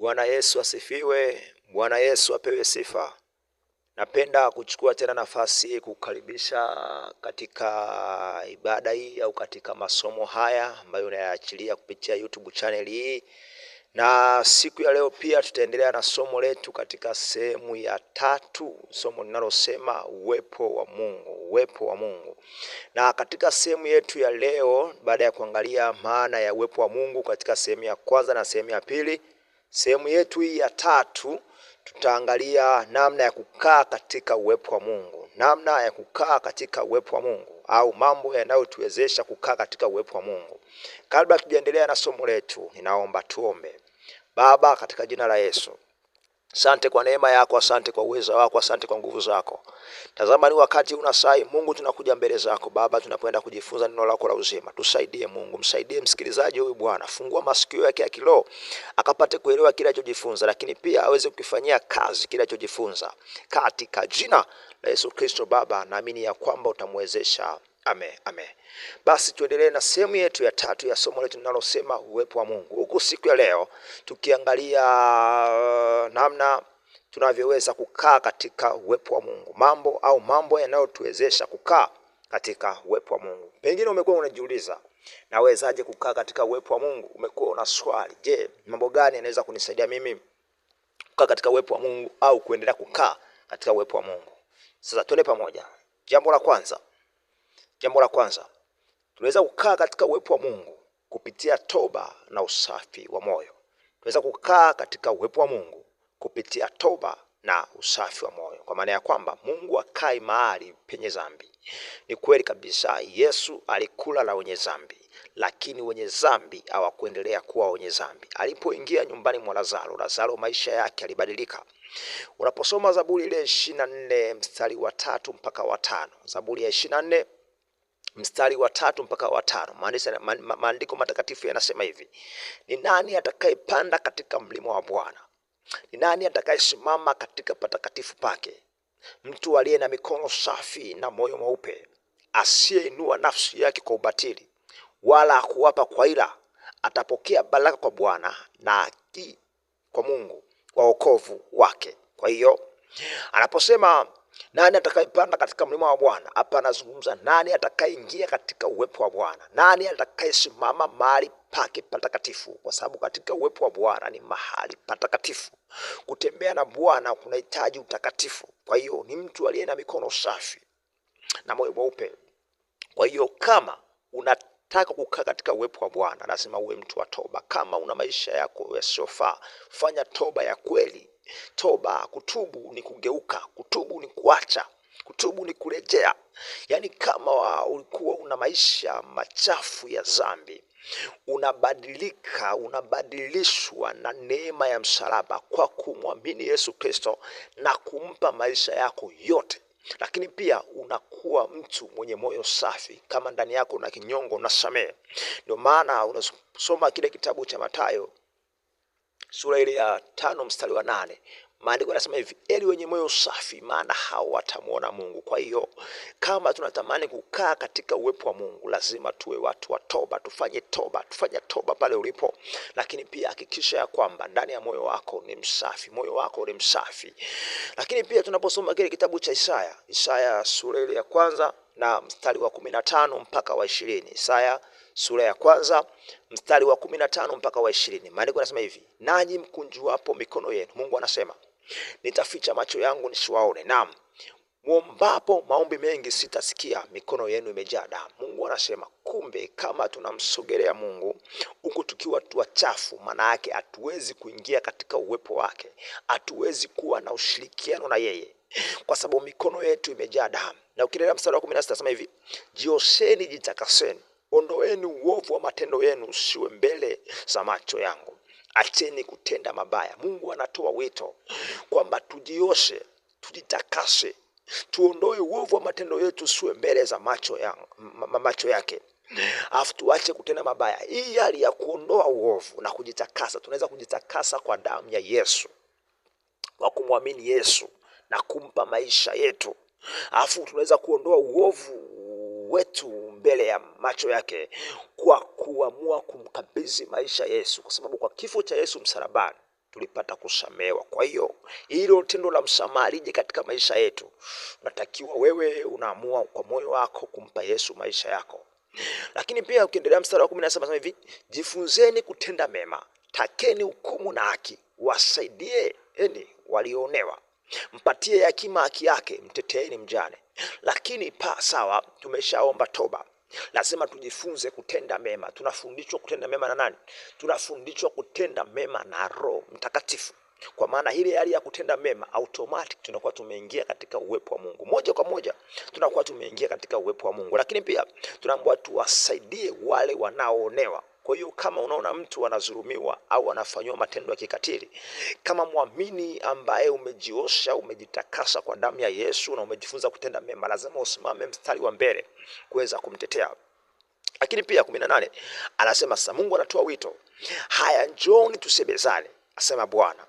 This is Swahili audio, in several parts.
Bwana Yesu asifiwe. Bwana Yesu apewe sifa. Napenda kuchukua tena nafasi hii kukaribisha katika ibada hii au katika masomo haya ambayo unayaachilia kupitia YouTube channel hii, na siku ya leo pia tutaendelea na somo letu katika sehemu ya tatu, somo linalosema uwepo wa Mungu, uwepo wa Mungu. Na katika sehemu yetu ya leo, baada ya kuangalia maana ya uwepo wa Mungu katika sehemu ya kwanza na sehemu ya pili Sehemu yetu hii ya tatu tutaangalia namna ya kukaa katika uwepo wa Mungu, namna ya kukaa katika uwepo wa Mungu au mambo yanayotuwezesha kukaa katika uwepo wa Mungu. Kabla tujaendelea na somo letu, ninaomba tuombe. Baba, katika jina la Yesu Asante kwa neema yako, asante kwa uweza wako, asante kwa nguvu zako. Tazama ni wakati una sai, Mungu tunakuja mbele zako Baba, tunapoenda kujifunza neno lako la uzima. Tusaidie Mungu, msaidie msikilizaji huyu Bwana, fungua masikio yake ya kiroho akapate kuelewa kile alichojifunza, lakini pia aweze kukifanyia kazi kile alichojifunza katika jina la Yesu Kristo. Baba, naamini ya kwamba utamwezesha Amen, amen. Basi tuendelee na sehemu yetu ya tatu ya somo letu linalosema uwepo wa Mungu, huku siku ya leo tukiangalia uh, namna tunavyoweza kukaa katika uwepo wa Mungu, mambo au mambo yanayotuwezesha kukaa katika uwepo wa Mungu. Pengine umekuwa unajiuliza nawezaje kukaa katika uwepo wa Mungu? Umekuwa una swali, je, mambo gani yanaweza kunisaidia mimi kukaa katika uwepo wa Mungu au kuendelea kukaa katika uwepo wa Mungu? Sasa twende pamoja. Jambo la kwanza Jambo la kwanza, tunaweza kukaa katika uwepo wa Mungu kupitia toba na usafi wa moyo. Tunaweza kukaa katika uwepo wa Mungu kupitia toba na usafi wa moyo, kwa maana ya kwamba Mungu akai mahali penye dhambi. Ni kweli kabisa, Yesu alikula na wenye dhambi, lakini wenye dhambi hawakuendelea kuwa wenye dhambi. Alipoingia nyumbani mwa Lazaro, Lazaro maisha yake alibadilika. Unaposoma Zaburi ile ishirini na nne mstari wa tatu mpaka watano, Zaburi ya ishirini na nne mstari wa tatu mpaka wa tano maandiko matakatifu yanasema hivi: ni nani atakayepanda katika mlima wa Bwana? Ni nani atakayesimama katika patakatifu pake? Mtu aliye na mikono safi na moyo mweupe, asiyeinua nafsi yake kwa ubatili, wala kuwapa kwa ila, atapokea baraka kwa Bwana na haki kwa Mungu wa wokovu wake. Kwa hiyo anaposema nani atakayepanda katika mlima wa Bwana? Hapa anazungumza nani atakayeingia katika uwepo wa Bwana, nani atakayesimama mahali pake patakatifu, kwa sababu katika uwepo wa Bwana ni mahali patakatifu. Kutembea na Bwana kunahitaji utakatifu. Kwa hiyo ni mtu aliye na mikono safi na moyo mweupe. Kwa hiyo kama unataka kukaa katika uwepo wa Bwana lazima uwe mtu wa toba. Kama una maisha yako yasiyofaa, fanya toba ya kweli Toba, kutubu ni kugeuka, kutubu ni kuacha, kutubu ni kurejea. Yaani, kama ulikuwa una maisha machafu ya dhambi, unabadilika, unabadilishwa na neema ya msalaba kwa kumwamini Yesu Kristo na kumpa maisha yako yote lakini pia unakuwa mtu mwenye moyo safi, kama ndani yako na kinyongo na samee Ndio maana unasoma kile kitabu cha Mathayo sura ile ya tano mstari wa nane maandiko yanasema hivi, eli wenye moyo safi, maana hao watamwona Mungu. Kwa hiyo kama tunatamani kukaa katika uwepo wa Mungu, lazima tuwe watu wa toba, tufanye toba, tufanye toba pale ulipo, lakini pia hakikisha ya kwamba ndani ya moyo wako ni msafi, moyo wako ni msafi. Lakini pia tunaposoma kile kitabu cha Isaya, Isaya sura ile ya kwanza na mstari wa kumi na tano mpaka wa ishirini Isaya sura ya kwanza mstari wa kumi na tano mpaka wa ishirini Maandiko yanasema hivi, nanyi mkunjuapo mikono yenu, Mungu anasema nitaficha macho yangu nisiwaone, naam mwombapo maombi mengi sitasikia, mikono yenu imejaa damu. Mungu anasema kumbe, kama tunamsogelea Mungu huku tukiwa tu wachafu, maana yake hatuwezi kuingia katika uwepo wake, hatuwezi kuwa na ushirikiano na yeye kwa sababu mikono yetu imejaa damu. Na ukiendelea mstari wa kumi na sita nasema hivi, jiosheni, jitakaseni, ondoeni uovu wa matendo yenu usiwe mbele za macho yangu, acheni kutenda mabaya. Mungu anatoa wito kwamba tujioshe, tujitakase, tuondoe uovu wa matendo yetu usiwe mbele za macho, ya, macho yake alafu tuache kutenda mabaya. Hii hali ya kuondoa uovu na kujitakasa, tunaweza kujitakasa kwa damu ya Yesu, kwa kumwamini Yesu na kumpa maisha yetu, alafu tunaweza kuondoa uovu wetu mbele ya macho yake kwa kuamua kumkabidhi maisha Yesu, kwa sababu kwa kifo cha Yesu msalabani tulipata kusamewa. Kwa hiyo hilo tendo la msamaha lije katika maisha yetu, unatakiwa wewe unaamua kwa moyo wako kumpa Yesu maisha yako. Lakini pia ukiendelea mstari wa kumi na saba hivi, jifunzeni kutenda mema, takeni hukumu na haki, eni walioonewa, Mpatie yakima haki yake, mteteeni mjane. Lakini pa sawa, tumeshaomba toba lazima tujifunze kutenda mema. Tunafundishwa kutenda mema na nani? Tunafundishwa kutenda mema na Roho Mtakatifu. Kwa maana ile hali ya kutenda mema, automatic tunakuwa tumeingia katika uwepo wa Mungu moja kwa moja, tunakuwa tumeingia katika uwepo wa Mungu. Lakini pia tunaambiwa tuwasaidie wale wanaoonewa. Kwa hiyo kama unaona mtu anazulumiwa au anafanyiwa matendo ya kikatili, kama mwamini ambaye umejiosha, umejitakasa kwa damu ya Yesu na umejifunza kutenda mema, lazima usimame mstari wa mbele kuweza kumtetea. Lakini pia kumi na nane anasema sasa, Mungu anatoa wito, haya njoni tusemezane, asema Bwana.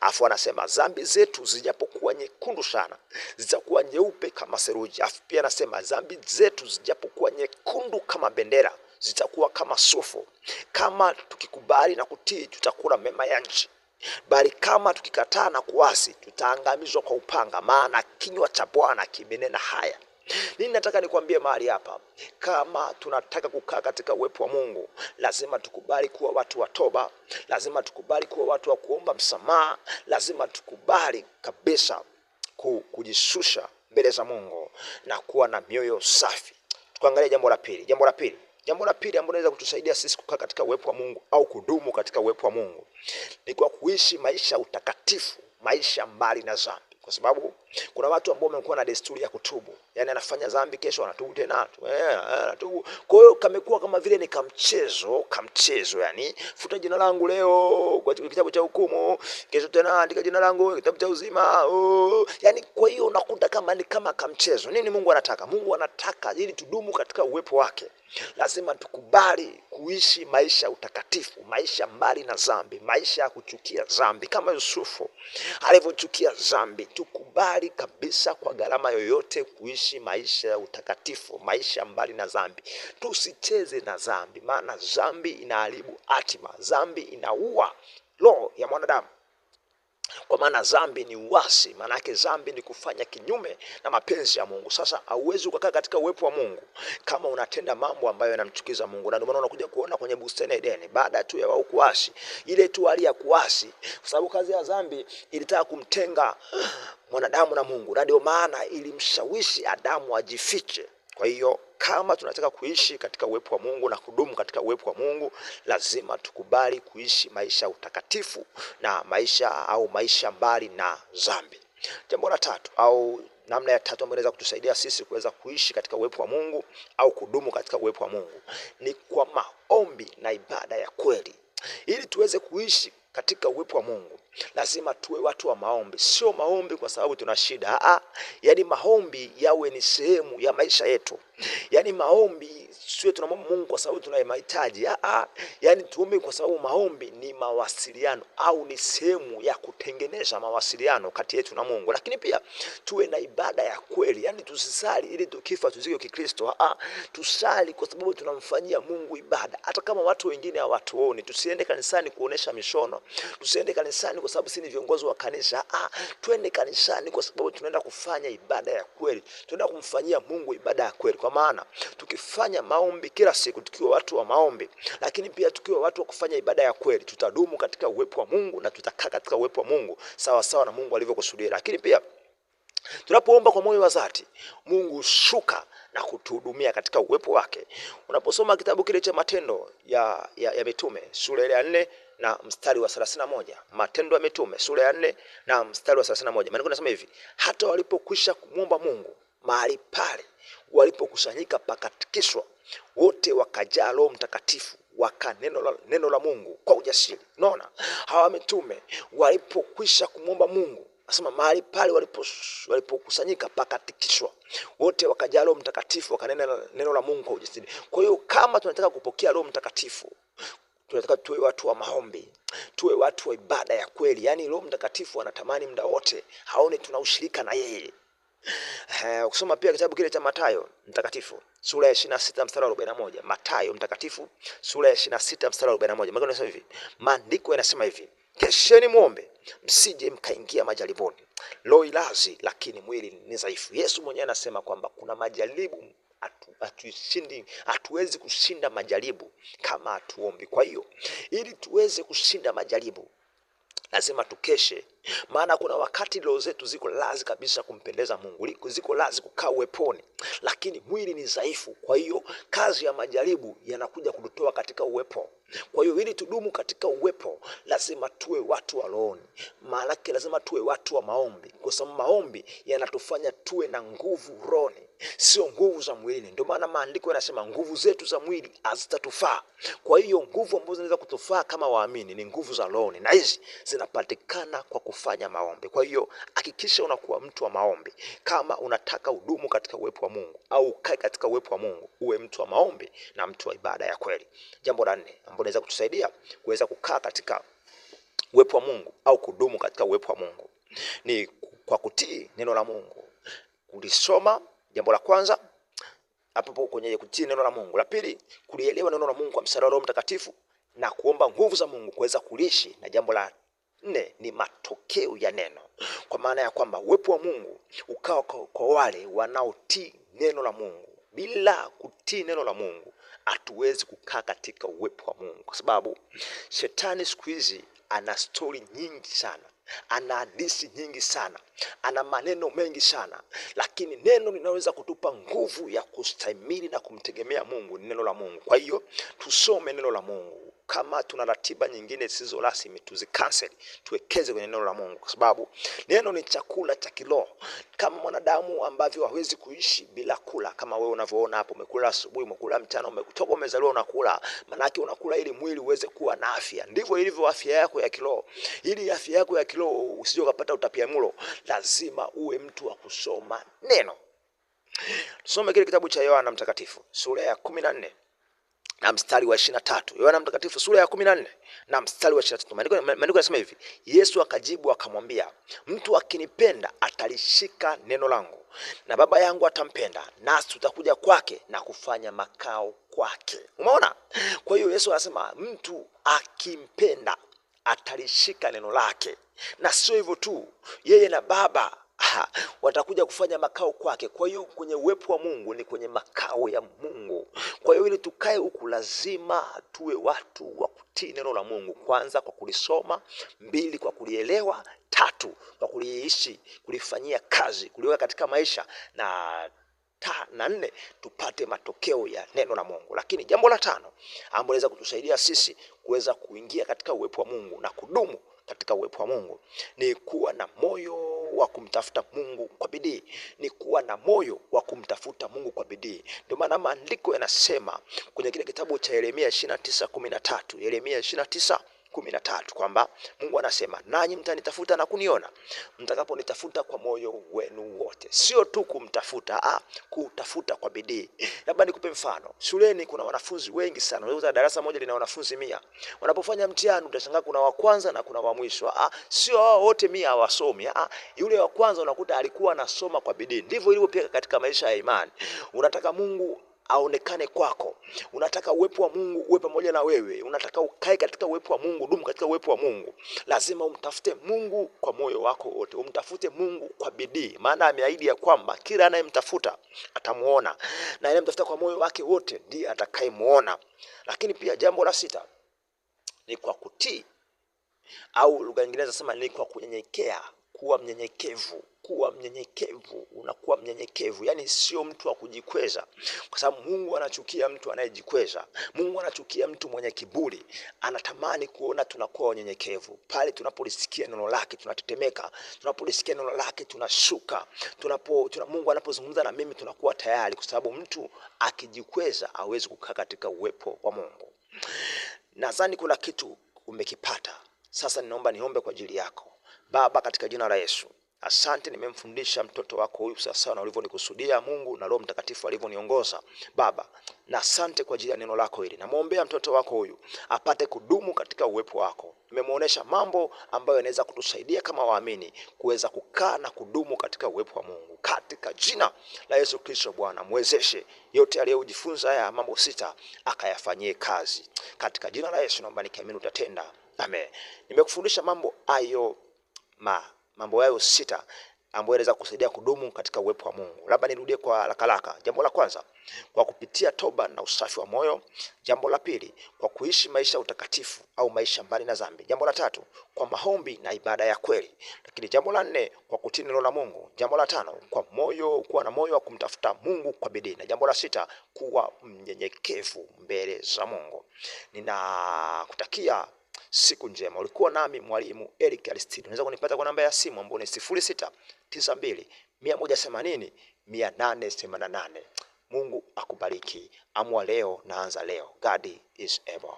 Afu anasema dhambi zetu zijapokuwa nyekundu sana zitakuwa nyeupe kama seruji. Afu pia anasema dhambi zetu zijapokuwa nyekundu kama bendera zitakuwa kama sufu. Kama tukikubali na kutii, tutakula mema ya nchi, bali kama tukikataa na kuasi, tutaangamizwa kwa upanga, maana kinywa cha Bwana kimenena haya. Nini nataka nikwambie mahali hapa? Kama tunataka kukaa katika uwepo wa Mungu, lazima tukubali kuwa watu wa toba, lazima tukubali kuwa watu wa kuomba msamaha, lazima tukubali kabisa kujishusha mbele za Mungu na kuwa na mioyo safi. Tukaangalia jambo la pili. Jambo la pili Jambo la pili ambalo linaweza kutusaidia sisi kukaa katika uwepo wa Mungu au kudumu katika uwepo wa Mungu ni kwa kuishi maisha ya utakatifu, maisha mbali na dhambi, kwa sababu kuna watu ambao wamekuwa na desturi ya kutubu, yaani anafanya dhambi, kesho anatubu tena, eh, eh, anatubu. Kwa hiyo kamekuwa kama vile ni kamchezo, kamchezo, yani futa jina langu leo kwa kitabu cha hukumu, kesho tena andika jina langu kitabu cha uzima. Oh, yani kwa hiyo unakuta kama ni kama kamchezo. Nini Mungu anataka? Mungu anataka ili tudumu katika uwepo wake, lazima tukubali kuishi maisha ya utakatifu, maisha mbali na dhambi, maisha ya kuchukia dhambi, kama Yusufu alivyochukia dhambi. Tukubali tayari kabisa kwa gharama yoyote kuishi maisha ya utakatifu, maisha mbali na dhambi. Tusicheze na dhambi, maana dhambi inaharibu hatima, dhambi inaua roho ya mwanadamu kwa maana dhambi ni uasi, maana yake dhambi ni kufanya kinyume na mapenzi ya Mungu. Sasa hauwezi ukakaa katika uwepo wa Mungu kama unatenda mambo ambayo yanamchukiza Mungu, na ndio maana unakuja kuona kwenye bustani ya Edeni, baada tu ya wao kuasi, ile tu hali ya kuasi, kwa sababu kazi ya dhambi ilitaka kumtenga mwanadamu na Mungu, na ndio maana ilimshawishi Adamu ajifiche. Kwa hiyo kama tunataka kuishi katika uwepo wa Mungu na kudumu katika uwepo wa Mungu, lazima tukubali kuishi maisha utakatifu na maisha au maisha mbali na dhambi. Jambo la tatu au namna ya tatu ambayo inaweza kutusaidia sisi kuweza kuishi katika uwepo wa Mungu au kudumu katika uwepo wa Mungu ni kwa maombi na ibada ya kweli. Ili tuweze kuishi katika uwepo wa Mungu, lazima tuwe watu wa maombi, sio maombi kwa sababu tuna shida. Aa, yani maombi yawe ni sehemu ya maisha yetu, yani maombi sio tunamwomba Mungu kwa sababu tuna mahitaji. Aa, yani tuombe kwa sababu maombi ni mawasiliano au ni sehemu ya kutengeneza mawasiliano kati yetu na Mungu. Lakini pia tuwe na ibada ya kweli, yani tusisali ili tukifa tuzike Kikristo. Aa, tusali kwa sababu tunamfanyia Mungu ibada, hata kama watu wengine hawatuoni. Tusiende kanisani kuonesha mishono, tusiende kanisani kwa sababu si ni viongozi wa kanisa. Ah, twende kanisani kwa sababu tunaenda kufanya ibada ya kweli, tunaenda kumfanyia Mungu ibada ya kweli, kwa maana tukifanya maombi kila siku, tukiwa watu wa maombi, lakini pia tukiwa watu wa kufanya ibada ya kweli, tutadumu katika uwepo wa Mungu na tutakaa katika uwepo wa Mungu sawa sawa na Mungu alivyokusudia. Lakini pia tunapoomba kwa moyo wa dhati, Mungu shuka na kutuhudumia katika uwepo wake. Unaposoma kitabu kile cha Matendo ya, ya, ya Mitume sura ile ya nne na mstari wa 31. Matendo ya Mitume sura ya nne na mstari wa 31. Maandiko yanasema hivi, hata walipokwisha kumwomba Mungu mahali pale walipokusanyika pakatikiswa, wote wakajaa Roho Mtakatifu waka neno la, neno la Mungu kwa ujasiri. naona hawa mitume walipokwisha kumwomba Mungu nasema mahali pale walipokusanyika pakatikishwa, wote wakajaa Roho Mtakatifu wakanena neno la Mungu kwa ujasiri. Kwa hiyo kama tunataka kupokea Roho Mtakatifu tunataka tuwe watu wa maombi, tuwe watu wa ibada ya kweli. Yaani Roho Mtakatifu anatamani muda wote haone tuna ushirika na yeye. Ukisoma pia kitabu kile cha Mathayo Mtakatifu sura ya 26 mstari wa moja Mathayo Mtakatifu sura ya 26 mstari wa moja maana nasema hivi, maandiko yanasema hivi, kesheni muombe msije mkaingia majariboni, loi lazi lakini mwili ni dhaifu. Yesu mwenyewe anasema kwamba kuna majaribu hatushindi, hatuwezi kushinda majaribu kama hatuombi. Kwa hiyo ili tuweze kushinda majaribu lazima tukeshe maana kuna wakati roho zetu ziko lazi kabisa kumpendeza Mungu, ziko lazi kukaa uweponi, lakini mwili ni dhaifu. Kwa hiyo kazi ya majaribu yanakuja kututoa katika uwepo. Kwa hiyo ili tudumu katika uwepo, lazima tuwe watu wa rohoni, maanake lazima tuwe watu wa maombi, kwa sababu maombi yanatufanya tuwe na nguvu rohoni, sio nguvu za mwilini. Ndio maana maandiko yanasema nguvu zetu za mwili hazitatufaa. Kwa hiyo nguvu ambazo zinaweza kutufaa kama waamini ni nguvu za roho, na hizi zinapatikana kwa kufanya maombi. Kwa hiyo hakikisha unakuwa mtu wa maombi. Kama unataka udumu katika uwepo wa Mungu au ukae katika uwepo wa Mungu, uwe mtu wa maombi na mtu wa ibada ya kweli. Jambo la nne ambalo linaweza kutusaidia kuweza kukaa katika uwepo wa Mungu au kudumu katika uwepo wa Mungu ni kwa kutii neno la Mungu, kulisoma. Jambo la kwanza hapo kwenye kutii neno la Mungu. La pili, kulielewa neno la Mungu kwa msaada wa Roho Mtakatifu na kuomba nguvu za Mungu kuweza kulishi. Na jambo la Nne ni matokeo ya neno, kwa maana ya kwamba uwepo wa Mungu ukawa kwa wale wanaotii neno la Mungu. Bila kutii neno la Mungu hatuwezi kukaa katika uwepo wa Mungu, kwa sababu shetani siku hizi ana stori nyingi sana, ana hadithi nyingi sana, ana maneno mengi sana, lakini neno linaweza kutupa nguvu ya kustahimili na kumtegemea Mungu ni neno la Mungu. Kwa hiyo tusome neno la Mungu kama tuna ratiba nyingine zisizo rasmi tuzikanseli, tuwekeze kwenye neno la Mungu, kwa sababu neno ni chakula cha kiroho, kama mwanadamu ambavyo hawezi kuishi bila kula. Kama wewe unavyoona hapo, umekula asubuhi, umekula mchana, umetoka umezaliwa unakula, manake unakula ili mwili uweze kuwa na afya. Ndivyo ilivyo afya yako ya kiroho. Ili afya yako ya kiroho usije ukapata utapiamlo, lazima uwe mtu wa kusoma neno. Tusome kile kitabu cha Yohana Mtakatifu sura ya kumi na nne na mstari wa ishirini na tatu Yohana mtakatifu sura ya kumi na nne na mstari wa ishirini na tatu maandiko yanasema hivi: Yesu akajibu akamwambia, mtu akinipenda atalishika neno langu, na Baba yangu atampenda, nasi tutakuja kwake na kufanya makao kwake. Umeona? Kwa hiyo Yesu anasema mtu akimpenda atalishika neno lake, na sio hivyo tu, yeye na Baba ha, watakuja kufanya makao kwake. Kwa hiyo kwenye uwepo wa Mungu ni kwenye makao ya Mungu. Kwa hiyo ili tukae huku, lazima tuwe watu wa kutii neno la Mungu, kwanza kwa kulisoma, mbili kwa kulielewa, tatu kwa kuliishi, kulifanyia kazi, kuliweka katika maisha na ta, na nne tupate matokeo ya neno la Mungu. Lakini jambo la tano ambalo linaweza kutusaidia sisi kuweza kuingia katika uwepo wa Mungu na kudumu katika uwepo wa Mungu ni kuwa na moyo wa kumtafuta Mungu kwa bidii, ni kuwa na moyo wa kumtafuta Mungu kwa bidii. Ndio maana maandiko yanasema kwenye kile kitabu cha Yeremia 29:13, Yeremia 29 kumi na tatu kwamba Mungu anasema nanyi mtanitafuta na kuniona mtakaponitafuta kwa moyo wenu wote. Sio tu kumtafuta ah, kutafuta kwa bidii. Labda nikupe mfano, shuleni kuna wanafunzi wengi sana, unaweza darasa moja lina wanafunzi mia. Wanapofanya mtihani utashangaa kuna wa kwanza na kuna wa mwisho. Ah, sio hao wote mia hawasomi. Ah, yule wa kwanza unakuta alikuwa anasoma kwa bidii. Ndivyo ilivyo pia katika maisha ya imani, unataka Mungu aonekane kwako. Unataka uwepo wa Mungu uwe pamoja na wewe, unataka ukae katika uwepo wa Mungu, dumu katika uwepo wa Mungu. Lazima umtafute Mungu kwa moyo wako wote, umtafute Mungu kwa bidii, maana ameahidi ya kwamba kila anayemtafuta atamuona, na anayemtafuta kwa moyo wake wote ndiye atakayemuona. Lakini pia jambo la sita ni kwa kutii, au lugha nyingine zinasema ni kwa kunyenyekea, kuwa mnyenyekevu unakuwa mnyenyekevu, unakuwa mnyenyekevu, yaani sio mtu wa kujikweza, kwa sababu Mungu anachukia mtu anayejikweza. Mungu anachukia mtu mwenye kiburi, anatamani kuona tunakuwa wanyenyekevu. Pale tunapolisikia neno lake tunatetemeka, tunapolisikia neno lake tunashuka, tunapo, tuna, Mungu anapozungumza na mimi tunakuwa tayari, kwa sababu mtu akijikweza hawezi kukaa katika uwepo wa Mungu. Nadhani kuna kitu umekipata sasa. Ninaomba niombe kwa ajili yako. Baba, katika jina la Yesu Asante, nimemfundisha mtoto wako huyu sawasawa na ulivyonikusudia Mungu na Roho Mtakatifu alivyoniongoza. Baba, na asante kwa ajili ya neno lako hili. Namwombea mtoto wako huyu apate kudumu katika uwepo wako. Nimemwonyesha mambo ambayo yanaweza kutusaidia kama waamini kuweza kukaa na kudumu katika uwepo wa Mungu. Katika jina la Yesu Kristo Bwana, mwezeshe yote aliyojifunza haya mambo sita akayafanyie kazi. Katika jina la Yesu naomba nikiamini utatenda. Amen. Nimekufundisha mambo ayo ma mambo yayo sita ambayo yanaweza kusaidia kudumu katika uwepo wa Mungu. Labda nirudie kwa lakalaka. Jambo la kwanza, kwa kupitia toba na usafi wa moyo. Jambo la pili, kwa kuishi maisha ya utakatifu au maisha mbali na dhambi. Jambo la tatu, kwa maombi na ibada ya kweli. Lakini jambo la nne, kwa kutii neno la Mungu. Jambo la tano, kwa moyo kuwa na moyo wa kumtafuta Mungu kwa bidii, na jambo la sita, kuwa mnyenyekevu mbele za Mungu. Ninakutakia siku njema. Ulikuwa nami mwalimu Eric Alistide. Unaweza kunipata kwa namba ya simu ambayo ni 0692 180 888. Mungu akubariki. Amua leo, naanza leo. God is able.